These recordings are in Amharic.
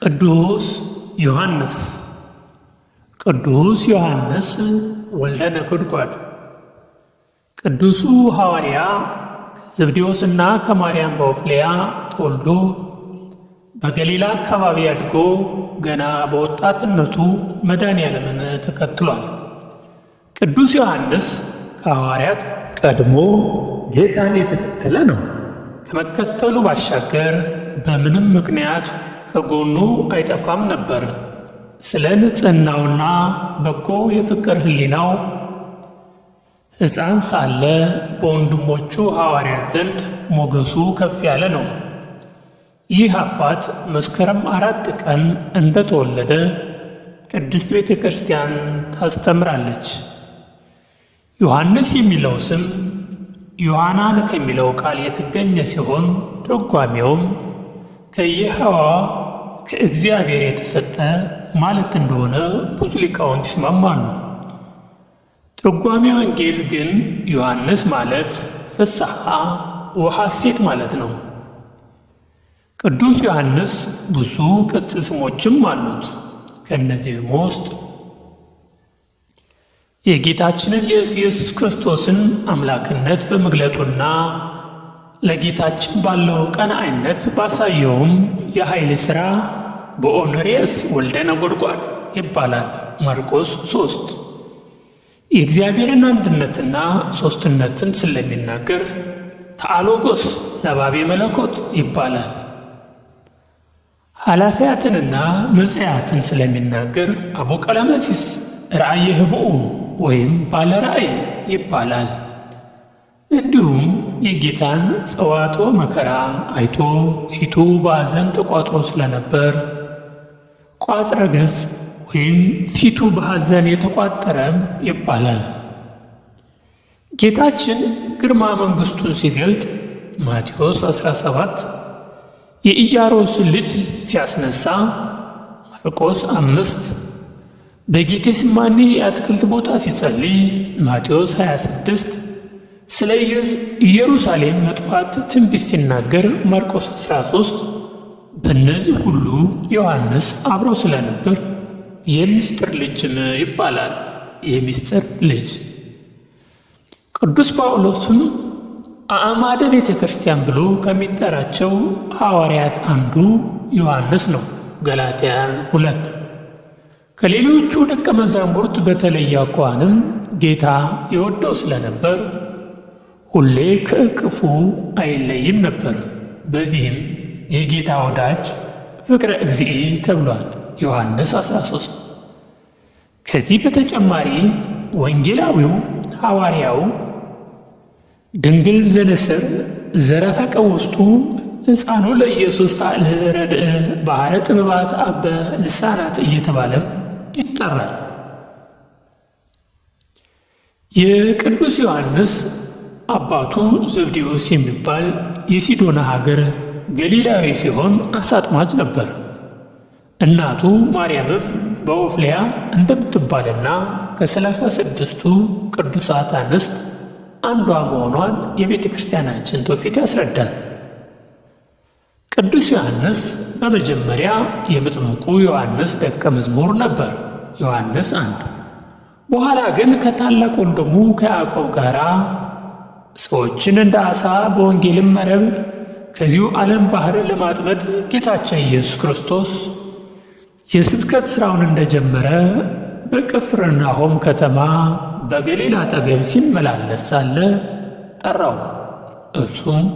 ቅዱስ ዮሐንስ ቅዱስ ዮሐንስ ወልደ ነጎድጓድ ቅዱሱ ሐዋርያ ከዘብዴዎስና ከማርያም በወፍሌያ ተወልዶ በገሊላ አካባቢ አድጎ ገና በወጣትነቱ መድኃኔዓለምን ተከትሏል። ቅዱስ ዮሐንስ ከሐዋርያት ቀድሞ ጌታን የተከተለ ነው። ከመከተሉ ባሻገር በምንም ምክንያት ከጎኑ አይጠፋም ነበር። ስለ ንጽህናውና በጎ የፍቅር ሕሊናው ሕፃን ሳለ በወንድሞቹ ሐዋርያት ዘንድ ሞገሱ ከፍ ያለ ነው። ይህ አባት መስከረም አራት ቀን እንደተወለደ ቅድስት ቤተ ክርስቲያን ታስተምራለች። ዮሐንስ የሚለው ስም ዮሐናን ከሚለው ቃል የተገኘ ሲሆን ትርጓሜውም ከየሐዋ ከእግዚአብሔር የተሰጠ ማለት እንደሆነ ብዙ ሊቃውንት ይስማማሉ። ትርጓሜ ወንጌል ግን ዮሐንስ ማለት ፍስሐ ወሐሴት ማለት ነው። ቅዱስ ዮሐንስ ብዙ ቅጽል ስሞችም አሉት። ከእነዚህም ውስጥ የጌታችንን የኢየሱስ ክርስቶስን አምላክነት በመግለጡና ለጌታችን ባለው ቀናኢነት ባሳየውም የኃይል ሥራ በኦኖሬስ ወልደ ነጎድጓድ ይባላል። ማርቆስ 3 የእግዚአብሔርን አንድነትና ሦስትነትን ስለሚናገር ተአሎጎስ ነባቤ መለኮት ይባላል። ኃላፊያትንና መጽያትን ስለሚናገር አቡቀለመሲስ ራእየ ህብኡ ወይም ባለ ራእይ ይባላል። እንዲሁም የጌታን ጸዋቶ መከራ አይቶ ፊቱ በሐዘን ተቋጥሮ ስለነበር ቋጽረ ገጽ ወይም ፊቱ በሐዘን የተቋጠረም ይባላል። ጌታችን ግርማ መንግሥቱን ሲገልጥ ማቴዎስ 17 የኢያሮስ ልጅ ሲያስነሳ ማርቆስ አምስት በጌቴ ስማኔ የአትክልት ቦታ ሲጸልይ ማቴዎስ 26 ስለ ኢየሩሳሌም መጥፋት ትንቢት ሲናገር ማርቆስ 13 በእነዚህ ሁሉ ዮሐንስ አብሮ ስለነበር የምስጢር ልጅም ይባላል። የምስጢር ልጅ ቅዱስ ጳውሎስም አእማደ ቤተ ክርስቲያን ብሎ ከሚጠራቸው ሐዋርያት አንዱ ዮሐንስ ነው። ገላትያ ሁለት ከሌሎቹ ደቀ መዛሙርት በተለየ አኳኋንም ጌታ የወደው ስለነበር ሁሌ ከእቅፉ አይለይም ነበር። በዚህም የጌታ ወዳጅ ፍቅረ እግዚእ ተብሏል። ዮሐንስ 13 ከዚህ በተጨማሪ ወንጌላዊው ሐዋርያው ድንግል ዘነስር ዘረፈቀ ውስጡ ሕፃኑ ለኢየሱስ ቃል ረድእ ባህረ ጥበባት አበ ልሳናት እየተባለ ይጠራል። የቅዱስ ዮሐንስ አባቱ ዘብዴዎስ የሚባል የሲዶና ሀገር ገሊላዊ ሲሆን አሳጥማጅ ነበር። እናቱ ማርያምም በወፍሊያ እንደምትባልና ከሰላሳ ስድስቱ ቅዱሳት አንስት አንዷ መሆኗን የቤተ ክርስቲያናችን ትውፊት ያስረዳል። ቅዱስ ዮሐንስ በመጀመሪያ የምጥምቁ ዮሐንስ ደቀ መዝሙር ነበር፣ ዮሐንስ አንድ። በኋላ ግን ከታላቅ ወንድሙ ከያዕቆብ ጋር ሰዎችን እንደ ዓሣ በወንጌልም መረብ ከዚሁ ዓለም ባሕርን ለማጥመድ ጌታችን ኢየሱስ ክርስቶስ የስብከት ሥራውን እንደጀመረ በቅፍርናሆም ከተማ በገሊላ አጠገብ ሲመላለስ ሳለ ጠራው። እሱም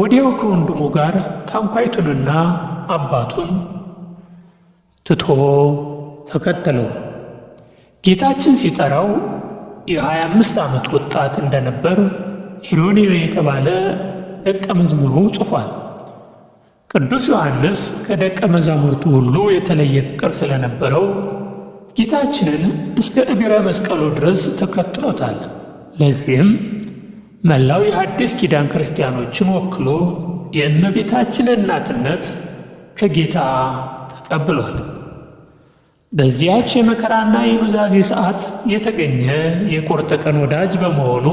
ወዲያው ከወንድሙ ጋር ታንኳይቱንና አባቱን ትቶ ተከተለው። ጌታችን ሲጠራው የ25 ዓመት ወጣት እንደነበር ሄሮድዮ የተባለ ደቀ መዝሙሩ ጽፏል። ቅዱስ ዮሐንስ ከደቀ መዛሙርቱ ሁሉ የተለየ ፍቅር ስለነበረው ጌታችንን እስከ እግረ መስቀሉ ድረስ ተከትሎታል። ለዚህም መላው የአዲስ ኪዳን ክርስቲያኖችን ወክሎ የእመቤታችን እናትነት ከጌታ ተቀብሏል። በዚያች የመከራና የኑዛዜ ሰዓት የተገኘ የቁርጥ ቀን ወዳጅ በመሆኑ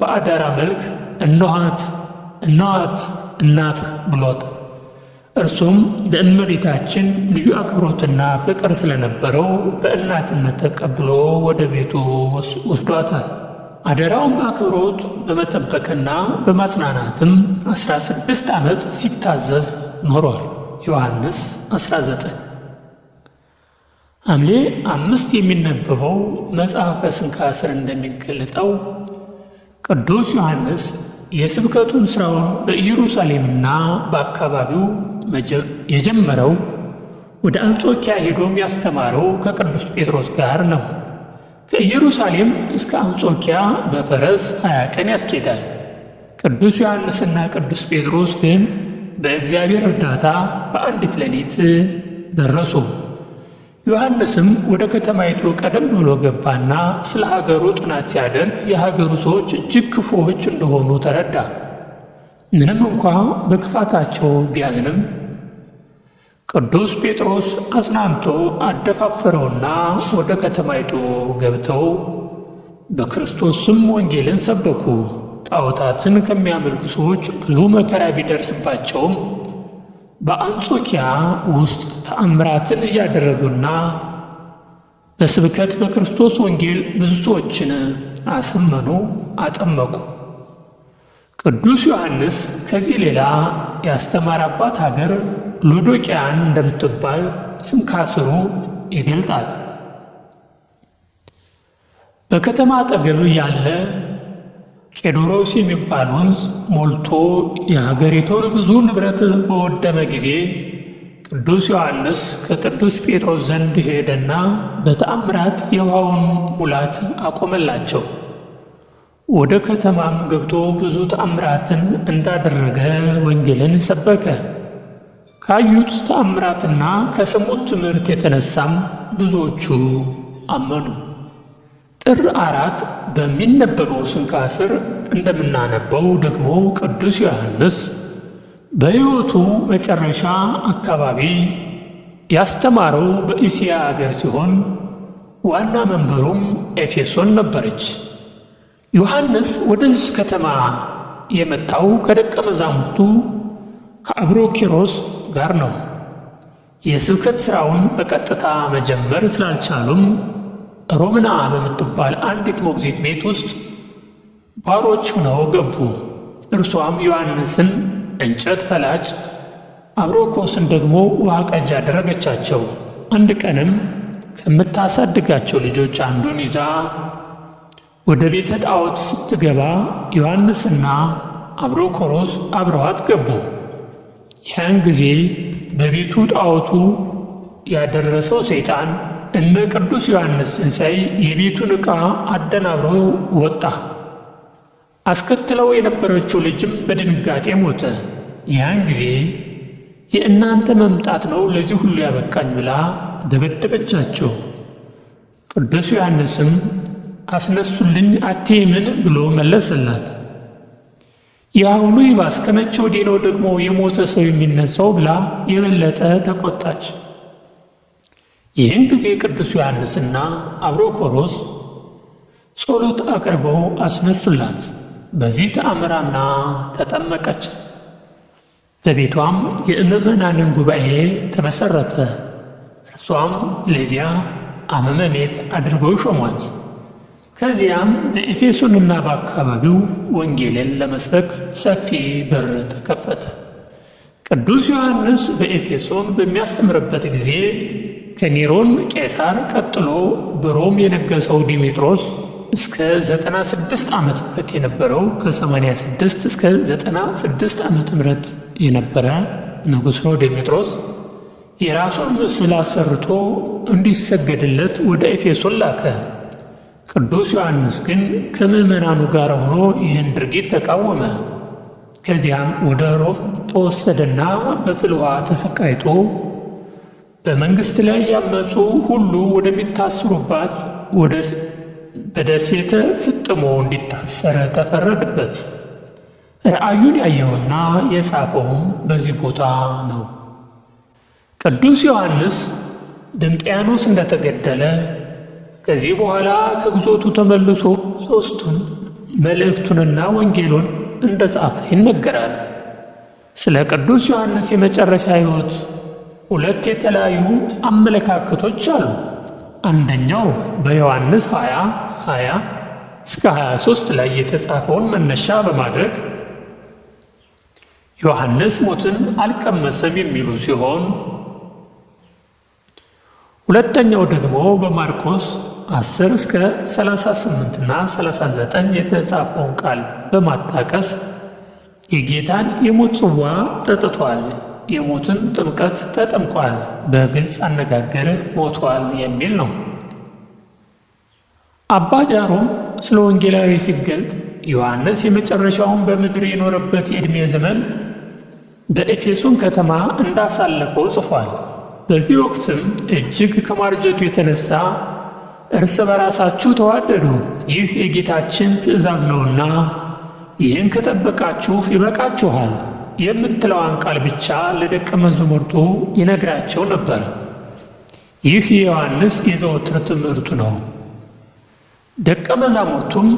በአደራ መልክ እነኋት እነዋት እናትህ ብሎት እርሱም ለእመቤታችን ልዩ አክብሮትና ፍቅር ስለነበረው በእናትነት ተቀብሎ ወደ ቤቱ ወስዷታል። አደራውን በአክብሮት በመጠበቅና በማጽናናትም 16 ዓመት ሲታዘዝ ኖሯል። ዮሐንስ 19 ሐምሌ አምስት የሚነበበው መጽሐፈ ስንክሳር እንደሚገለጠው ቅዱስ ዮሐንስ የስብከቱን ሥራውን በኢየሩሳሌምና በአካባቢው የጀመረው ወደ አንጾኪያ ሄዶም ያስተማረው ከቅዱስ ጴጥሮስ ጋር ነው። ከኢየሩሳሌም እስከ አንጾኪያ በፈረስ ሀያ ቀን ያስኬዳል። ቅዱስ ዮሐንስና ቅዱስ ጴጥሮስ ግን በእግዚአብሔር እርዳታ በአንዲት ሌሊት ደረሱ። ዮሐንስም ወደ ከተማይቱ ቀደም ብሎ ገባና ስለ ሀገሩ ጥናት ሲያደርግ የሀገሩ ሰዎች እጅግ ክፉዎች እንደሆኑ ተረዳ። ምንም እንኳ በክፋታቸው ቢያዝንም ቅዱስ ጴጥሮስ አጽናንቶ አደፋፈረውና ወደ ከተማይቱ ገብተው በክርስቶስ ስም ወንጌልን ሰበኩ። ጣዖታትን ከሚያመልኩ ሰዎች ብዙ መከራ ቢደርስባቸውም በአንጾኪያ ውስጥ ተአምራትን እያደረጉና በስብከት በክርስቶስ ወንጌል ብዙ ሰዎችን አሰመኑ፣ አጠመቁ። ቅዱስ ዮሐንስ ከዚህ ሌላ ያስተማራባት ሀገር ሎዶቅያን እንደምትባል ስም ካስሩ ይገልጣል። በከተማ አጠገብ ያለ ቴዶሮስ የሚባል ወንዝ ሞልቶ የሀገሪቱን ብዙ ንብረት በወደመ ጊዜ ቅዱስ ዮሐንስ ከቅዱስ ጴጥሮስ ዘንድ ሄደና በተአምራት የውሃውን ሙላት አቆመላቸው። ወደ ከተማም ገብቶ ብዙ ተአምራትን እንዳደረገ ወንጌልን ሰበከ። ካዩት ተአምራትና ከስሙት ትምህርት የተነሳም ብዙዎቹ አመኑ። ጥር አራት በሚነበበው ስንክሳር እንደምናነበው ደግሞ ቅዱስ ዮሐንስ በሕይወቱ መጨረሻ አካባቢ ያስተማረው በእስያ አገር ሲሆን ዋና መንበሩም ኤፌሶን ነበረች። ዮሐንስ ወደዚህ ከተማ የመጣው ከደቀ መዛሙርቱ ከአብሮኪሮስ ጋር ነው። የስብከት ሥራውን በቀጥታ መጀመር ስላልቻሉም ሮምና በምትባል አንዲት ሞግዚት ቤት ውስጥ ባሮች ሆነው ገቡ። እርሷም ዮሐንስን እንጨት ፈላጭ፣ አብሮኮስን ደግሞ ውሃ ቀጅ አደረገቻቸው። አንድ ቀንም ከምታሳድጋቸው ልጆች አንዱን ይዛ ወደ ቤተ ጣዖት ስትገባ ዮሐንስና አብሮኮሮስ አብረዋት ገቡ። ያን ጊዜ በቤቱ ጣዖቱ ያደረሰው ሰይጣን እንደ ቅዱስ ዮሐንስ ሲንሳይ የቤቱን ዕቃ አደናብሮ ወጣ። አስከትለው የነበረችው ልጅም በድንጋጤ ሞተ። ያን ጊዜ የእናንተ መምጣት ነው ለዚህ ሁሉ ያበቃኝ ብላ ደበደበቻቸው። ቅዱስ ዮሐንስም አስነሱልኝ አትይምን ብሎ መለሰላት። የአሁኑ ይባስ ከመቼ ወዲህ ነው ደግሞ የሞተ ሰው የሚነሳው ብላ የበለጠ ተቆጣች። ይህን ጊዜ ቅዱስ ዮሐንስና አብሮኮሮስ ጸሎት አቅርበው አስነሱላት። በዚህ ተአምራና ተጠመቀች። በቤቷም የእመመናንን ጉባኤ ተመሰረተ። እርሷም ለዚያ አመመኔት አድርገው ሾሟት። ከዚያም በኤፌሶንና በአካባቢው ወንጌልን ለመስበክ ሰፊ በር ተከፈተ። ቅዱስ ዮሐንስ በኤፌሶን በሚያስተምርበት ጊዜ ከኔሮን ቄሳር ቀጥሎ በሮም የነገሰው ዲሜጥሮስ እስከ 96 ዓመተ ምህረት የነበረው ከ86 እስከ 96 ዓመተ ምህረት የነበረ ንጉሥ ነው። ዲሜጥሮስ የራሱን ምስል አሰርቶ እንዲሰገድለት ወደ ኤፌሶን ላከ። ቅዱስ ዮሐንስ ግን ከምዕመናኑ ጋር ሆኖ ይህን ድርጊት ተቃወመ። ከዚያም ወደ ሮም ተወሰደና በፍልውሃ ተሰቃይቶ በመንግስት ላይ ያመፁ ሁሉ ወደሚታስሩባት በደሴተ ፍጥሞ እንዲታሰረ ተፈረደበት። ራእዩን ያየውና የጻፈውም በዚህ ቦታ ነው። ቅዱስ ዮሐንስ ድምጥያኖስ እንደተገደለ ከዚህ በኋላ ከግዞቱ ተመልሶ ሦስቱን መልእክቱንና ወንጌሉን እንደጻፈ ይነገራል። ስለ ቅዱስ ዮሐንስ የመጨረሻ ሕይወት ሁለት የተለያዩ አመለካከቶች አሉ። አንደኛው በዮሐንስ 20 20 እስከ 23 ላይ የተጻፈውን መነሻ በማድረግ ዮሐንስ ሞትን አልቀመሰም የሚሉ ሲሆን ሁለተኛው ደግሞ በማርቆስ 10 እስከ 38 እና 39 የተጻፈውን ቃል በማጣቀስ የጌታን የሞት ጽዋ ጠጥቷል የሞትን ጥምቀት ተጠምቋል፣ በግልጽ አነጋገር ሞቷል የሚል ነው። አባ ጃሮም ስለ ወንጌላዊ ሲገልጥ ዮሐንስ የመጨረሻውን በምድር የኖረበት የዕድሜ ዘመን በኤፌሶን ከተማ እንዳሳለፈው ጽፏል። በዚህ ወቅትም እጅግ ከማርጀቱ የተነሳ እርስ በራሳችሁ ተዋደዱ፣ ይህ የጌታችን ትእዛዝ ነውና ይህን ከጠበቃችሁ ይበቃችኋል የምትለዋን ቃል ብቻ ለደቀ መዛሙርቱ ይነግራቸው ነበር። ይህ የዮሐንስ የዘወትር ትምህርቱ ነው። ደቀ መዛሙርቱም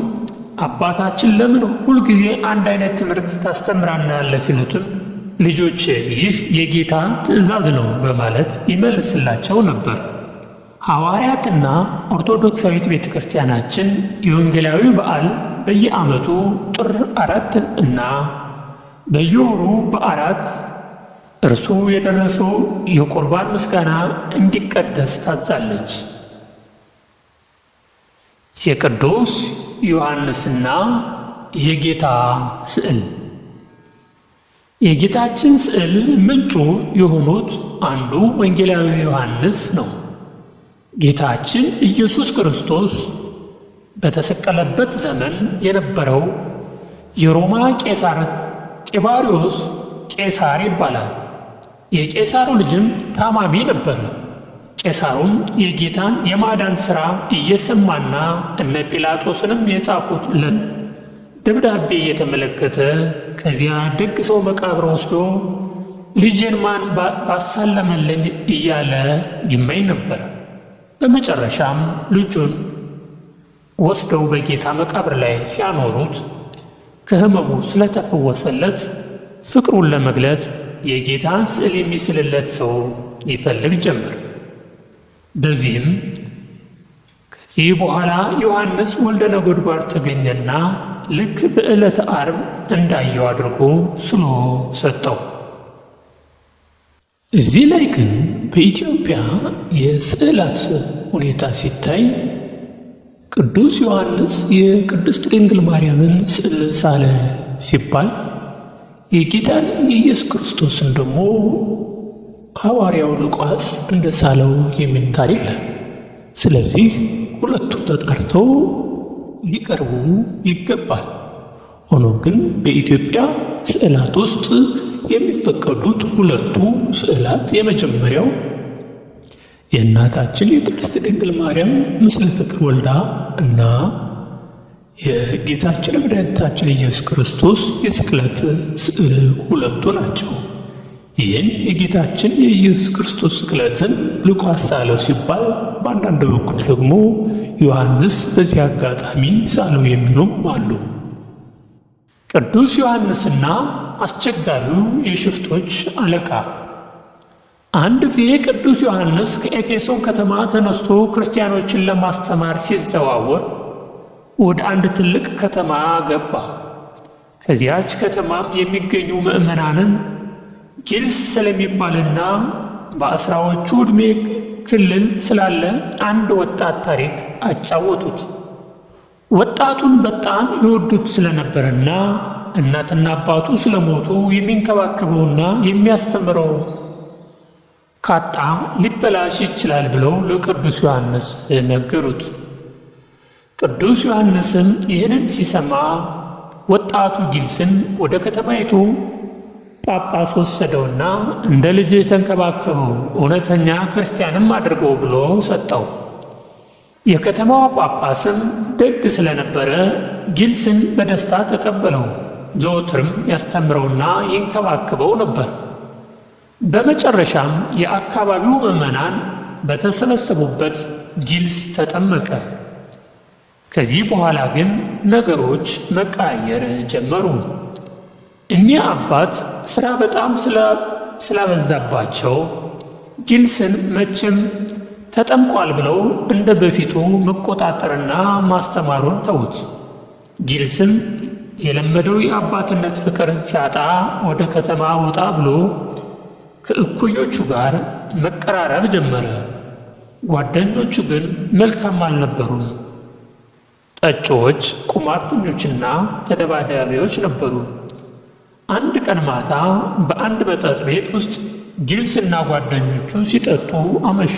አባታችን ለምን ሁልጊዜ አንድ አይነት ትምህርት ታስተምራናለህ? ሲሉትም ልጆች ይህ የጌታ ትእዛዝ ነው በማለት ይመልስላቸው ነበር። ሐዋርያትና ኦርቶዶክሳዊት ቤተ ክርስቲያናችን የወንጌላዊ በዓል በየዓመቱ ጥር አራት እና በየወሩ በአራት እርሱ የደረሰው የቁርባን ምስጋና እንዲቀደስ ታዛለች። የቅዱስ ዮሐንስና የጌታ ስዕል የጌታችን ስዕል ምንጩ የሆኑት አንዱ ወንጌላዊ ዮሐንስ ነው። ጌታችን ኢየሱስ ክርስቶስ በተሰቀለበት ዘመን የነበረው የሮማ ቄሳር ጢባሪዎስ ቄሳር ይባላል። የቄሳሩ ልጅም ታማሚ ነበረ። ቄሳሩም የጌታን የማዳን ሥራ እየሰማና እነ ጲላጦስንም የጻፉትልን ደብዳቤ እየተመለከተ ከዚያ ደግ ሰው መቃብር ወስዶ ልጄን ማን ባሳለመልኝ እያለ ይመኝ ነበር። በመጨረሻም ልጁን ወስደው በጌታ መቃብር ላይ ሲያኖሩት ከህመሙ ስለተፈወሰለት ፍቅሩን ለመግለጽ የጌታ ስዕል የሚስልለት ሰው ይፈልግ ጀመር። በዚህም ከዚህ በኋላ ዮሐንስ ወልደ ነጎድጓድ ተገኘና ልክ በዕለተ ዓርብ እንዳየው አድርጎ ስሎ ሰጠው። እዚህ ላይ ግን በኢትዮጵያ የስዕላት ሁኔታ ሲታይ ቅዱስ ዮሐንስ የቅድስት ድንግል ማርያምን ስዕል ሳለ ሲባል የጌታን የኢየሱስ ክርስቶስን ደግሞ ሐዋርያው ሉቃስ እንደ ሳለው የሚል ታሪክ አለ። ስለዚህ ሁለቱ ተጣርተው ሊቀርቡ ይገባል። ሆኖ ግን በኢትዮጵያ ስዕላት ውስጥ የሚፈቀዱት ሁለቱ ስዕላት የመጀመሪያው የእናታችን የቅድስት ድንግል ማርያም ምስለ ፍቅር ወልዳ እና የጌታችን መድኃኒታችን ኢየሱስ ክርስቶስ የስቅለት ስዕል ሁለቱ ናቸው። ይህን የጌታችን የኢየሱስ ክርስቶስ ስቅለትን ሉቃስ ሳለው ሲባል፣ በአንዳንድ በኩል ደግሞ ዮሐንስ በዚህ አጋጣሚ ሳለው የሚሉም አሉ። ቅዱስ ዮሐንስና አስቸጋሪው የሽፍቶች አለቃ አንድ ጊዜ ቅዱስ ዮሐንስ ከኤፌሶን ከተማ ተነስቶ ክርስቲያኖችን ለማስተማር ሲዘዋወር ወደ አንድ ትልቅ ከተማ ገባ። ከዚያች ከተማም የሚገኙ ምዕመናንን ጊልስ ስለሚባልና በአስራዎቹ ዕድሜ ክልል ስላለ አንድ ወጣት ታሪክ አጫወቱት። ወጣቱን በጣም የወዱት ስለነበረና እናትና አባቱ ስለሞቱ የሚንከባከበውና የሚያስተምረው ካጣ ሊበላሽ ይችላል ብለው ለቅዱስ ዮሐንስ ነገሩት። ቅዱስ ዮሐንስም ይህንን ሲሰማ ወጣቱ ጊልስን ወደ ከተማይቱ ጳጳስ ወሰደውና እንደ ልጅ ተንከባከበው፣ እውነተኛ ክርስቲያንም አድርገው ብሎ ሰጠው። የከተማዋ ጳጳስም ደግ ስለነበረ ጊልስን በደስታ ተቀበለው። ዘወትርም ያስተምረውና ይንከባከበው ነበር። በመጨረሻም የአካባቢው ምዕመናን በተሰበሰቡበት ጅልስ ተጠመቀ። ከዚህ በኋላ ግን ነገሮች መቃየር ጀመሩ። እኒህ አባት ሥራ በጣም ስላበዛባቸው ጅልስን መቼም ተጠምቋል ብለው እንደ በፊቱ መቆጣጠርና ማስተማሩን ተዉት። ጅልስም የለመደው የአባትነት ፍቅር ሲያጣ ወደ ከተማ ወጣ ብሎ ከእኩዮቹ ጋር መቀራረብ ጀመረ። ጓደኞቹ ግን መልካም አልነበሩም። ጠጪዎች፣ ቁማርተኞችና ተደባዳቢዎች ነበሩ። አንድ ቀን ማታ በአንድ መጠጥ ቤት ውስጥ ጊልስና ጓደኞቹ ሲጠጡ አመሹ።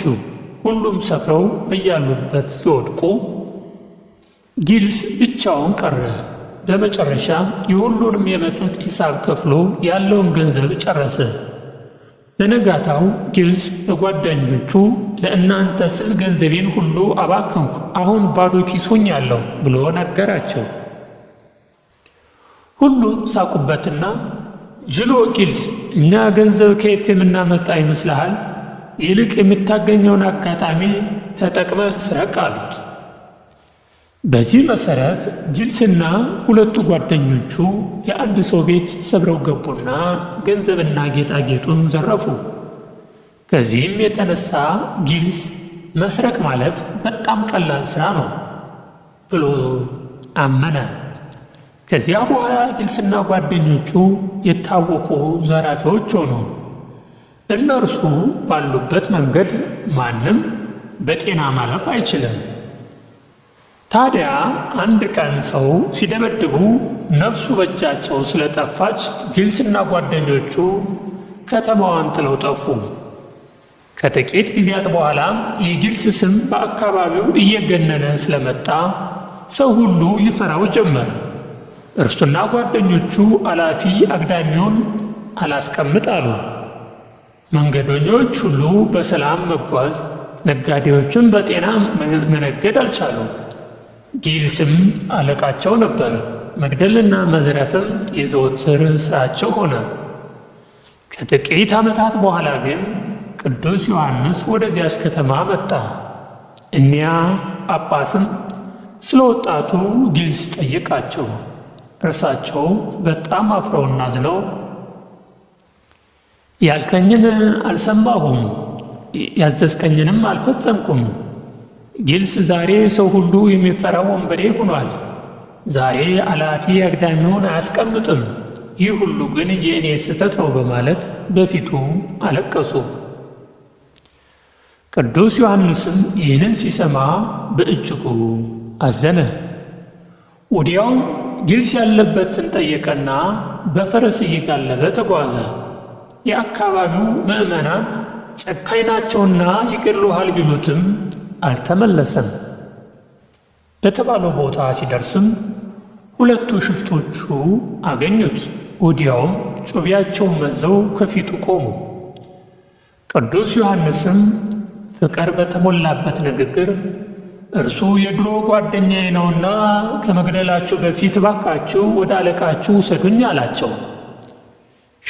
ሁሉም ሰክረው በያሉበት ሲወድቁ ጊልስ ብቻውን ቀረ። በመጨረሻ የሁሉንም የመጠጥ ሂሳብ ከፍሎ ያለውን ገንዘብ ጨረሰ። በነጋታው ጊልስ ለጓደኞቹ ለእናንተ ስል ገንዘቤን ሁሉ አባከንኩ፣ አሁን ባዶ ኪሶኝ ሆኛለሁ ብሎ ነገራቸው። ሁሉም ሳቁበትና ጅሎ ጊልስ እኛ ገንዘብ ከየት የምናመጣ ይመስልሃል? ይልቅ የምታገኘውን አጋጣሚ ተጠቅመህ ስረቅ አሉት። በዚህ መሰረት ጅልስና ሁለቱ ጓደኞቹ የአንድ ሰው ቤት ሰብረው ገቡና ገንዘብና ጌጣጌጡን ዘረፉ። ከዚህም የተነሳ ጊልስ መስረቅ ማለት በጣም ቀላል ስራ ነው ብሎ አመነ። ከዚያ በኋላ ጊልስና ጓደኞቹ የታወቁ ዘራፊዎች ሆኑ። እነርሱ ባሉበት መንገድ ማንም በጤና ማለፍ አይችልም። ታዲያ አንድ ቀን ሰው ሲደበድቡ ነፍሱ በእጃቸው ስለጠፋች ጊልስና ጓደኞቹ ከተማዋን ጥለው ጠፉ። ከጥቂት ጊዜያት በኋላ የጊልስ ስም በአካባቢው እየገነነ ስለመጣ ሰው ሁሉ ይፈራው ጀመር። እርሱና ጓደኞቹ አላፊ አግዳሚውን አላስቀምጥ አሉ። መንገደኞች ሁሉ በሰላም መጓዝ፣ ነጋዴዎቹን በጤና መነገድ አልቻሉ። ጊልስም አለቃቸው ነበር። መግደልና መዝረፍም የዘወትር ስራቸው ሆነ። ከጥቂት ዓመታት በኋላ ግን ቅዱስ ዮሐንስ ወደዚያች ከተማ መጣ። እኒያ ጳጳስም ስለ ወጣቱ ጊልስ ጠየቃቸው። እርሳቸው በጣም አፍረውና ዝለው ያልከኝን አልሰማሁም፣ ያዘዝከኝንም አልፈጸምኩም ግልጽ ዛሬ ሰው ሁሉ የሚፈራው ወንበዴ ሆኗል። ዛሬ አላፊ አግዳሚውን አያስቀምጥም። ይህ ሁሉ ግን የእኔ ስህተት ነው በማለት በፊቱ አለቀሱ። ቅዱስ ዮሐንስም ይህንን ሲሰማ በእጅጉ አዘነ። ወዲያው ግልጽ ያለበትን ጠየቀና በፈረስ እየጋለበ ተጓዘ። የአካባቢው ምዕመናን ጨካኝ ናቸውና ይገድሉሃል ቢሉትም አልተመለሰም። በተባለው ቦታ ሲደርስም ሁለቱ ሽፍቶቹ አገኙት። ወዲያውም ጩቤያቸውን መዘው ከፊቱ ቆሙ። ቅዱስ ዮሐንስም ፍቅር በተሞላበት ንግግር እርሱ የድሮ ጓደኛዬ ነውና ከመግደላችሁ በፊት ባካችሁ ወደ አለቃችሁ ውሰዱኝ አላቸው።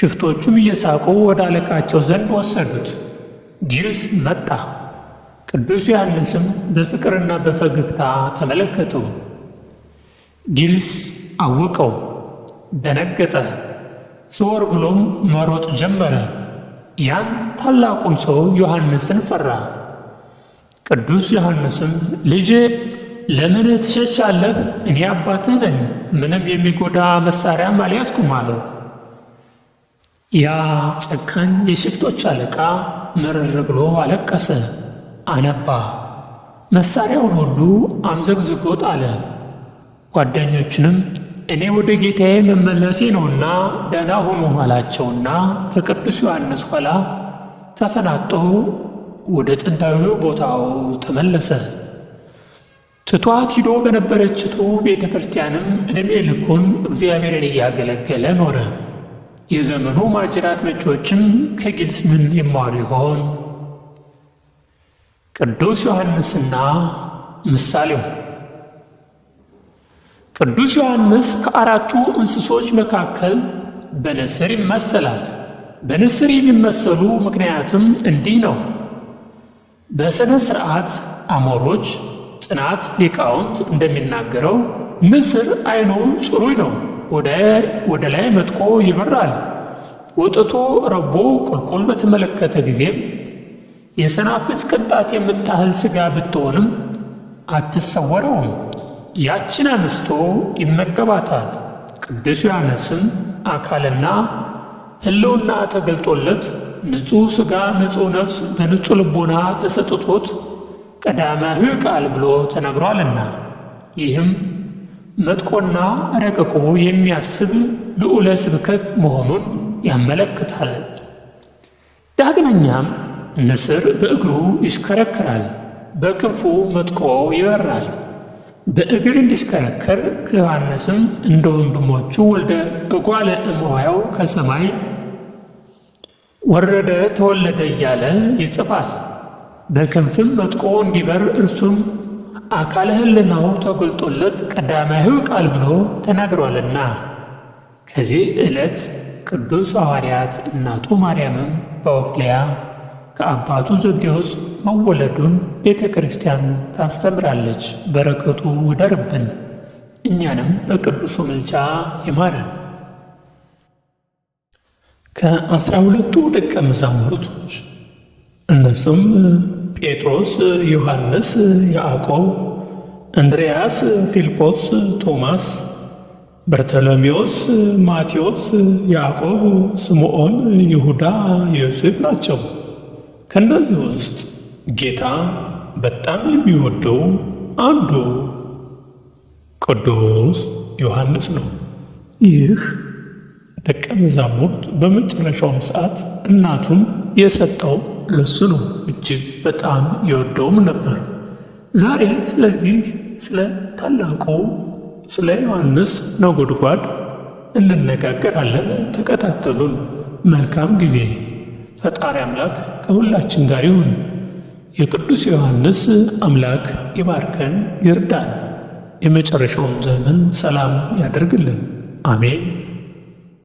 ሽፍቶቹም እየሳቁ ወደ አለቃቸው ዘንድ ወሰዱት። ጊዮስ መጣ። ቅዱስ ዮሐንስም በፍቅርና በፈገግታ ተመለከተው። ዲልስ አወቀው፣ ደነገጠ። ዘወር ብሎም መሮጥ ጀመረ። ያን ታላቁን ሰው ዮሐንስን ፈራ። ቅዱስ ዮሐንስም ልጄ ለምን ትሸሻለህ? እኔ አባትህ ነኝ፣ ምንም የሚጎዳ መሳሪያም አልያዝኩም አለው። ያ ጨካኝ የሽፍቶች አለቃ ምርር ብሎ አለቀሰ። አነባ። መሳሪያውን ሁሉ አምዘግዝጎ ጣለ። ጓደኞቹንም እኔ ወደ ጌታዬ መመለሴ ነውና ደህና ሁኑ አላቸውና ከቅዱስ ዮሐንስ ኋላ ተፈናጦ ወደ ጥንታዊው ቦታው ተመለሰ። ትቷት ሂዶ በነበረችቱ ቤተ ክርስቲያንም ዕድሜ ልኩን እግዚአብሔርን እያገለገለ ኖረ። የዘመኑ ማጅራት መጪዎችም ምን ይማሩ ይሆን? ቅዱስ ዮሐንስና ምሳሌው። ቅዱስ ዮሐንስ ከአራቱ እንስሶች መካከል በንስር ይመሰላል። በንስር የሚመሰሉ ምክንያትም እንዲህ ነው። በሥነ ሥርዓት አሞሮች ጽናት ሊቃውንት እንደሚናገረው ንስር አይኑ ጽሩይ ነው፣ ወደ ላይ መጥቆ ይበራል። ወጥቶ ረቦ ቁልቁል በተመለከተ ጊዜም የሰናፍጭ ቅንጣት የምታህል ሥጋ ብትሆንም አትሰወረውም። ያችን አንስቶ ይመገባታል። ቅዱስ ዮሐንስም አካልና ሕልውና ተገልጦለት ንጹሕ ሥጋ ንጹሕ ነፍስ በንጹሕ ልቦና ተሰጥቶት ቀዳማዊ ቃል ብሎ ተነግሯልና ይህም መጥቆና ረቅቆ የሚያስብ ልዑለ ስብከት መሆኑን ያመለክታል። ዳግመኛም ንስር በእግሩ ይሽከረከራል፣ በክንፉ መጥቆ ይበራል። በእግር እንዲሽከረከር ከዮሐንስም እንደ ወንድሞቹ ወልደ እጓለ እምሮያው ከሰማይ ወረደ ተወለደ እያለ ይጽፋል። በክንፍም መጥቆ እንዲበር እርሱም አካለ ሕሊናው ተገልጦለት ቀዳማዊ ቃል ብሎ ተናግሯልና። ከዚህ ዕለት ቅዱስ ሐዋርያት እናቱ ማርያምም በወፍልያ ከአባቱ ዘብዴዎስ መወለዱን ቤተ ክርስቲያን ታስተምራለች። በረከቱ ውደርብን፣ እኛንም በቅዱሱ ምልጃ ይማረን። ከአስራ ሁለቱ ደቀ መዛሙርቶች እነሱም ጴጥሮስ፣ ዮሐንስ፣ ያዕቆብ፣ እንድርያስ፣ ፊልጶስ፣ ቶማስ፣ በርተሎሜዎስ፣ ማቴዎስ፣ ያዕቆብ፣ ስምዖን፣ ይሁዳ፣ ዮሴፍ ናቸው። ከእነዚህ ውስጥ ጌታ በጣም የሚወደው አንዱ ቅዱስ ዮሐንስ ነው። ይህ ደቀ መዛሙርት በመጨረሻውም ሰዓት እናቱን የሰጠው ለሱ ነው። እጅግ በጣም የወደውም ነበር። ዛሬ ስለዚህ ስለ ታላቁ ስለ ዮሐንስ ነጎድጓድ እንነጋገራለን። ተከታተሉን። መልካም ጊዜ ፈጣሪ አምላክ ከሁላችን ጋር ይሁን። የቅዱስ ዮሐንስ አምላክ ይባርከን ይርዳን፣ የመጨረሻውን ዘመን ሰላም ያደርግልን። አሜን።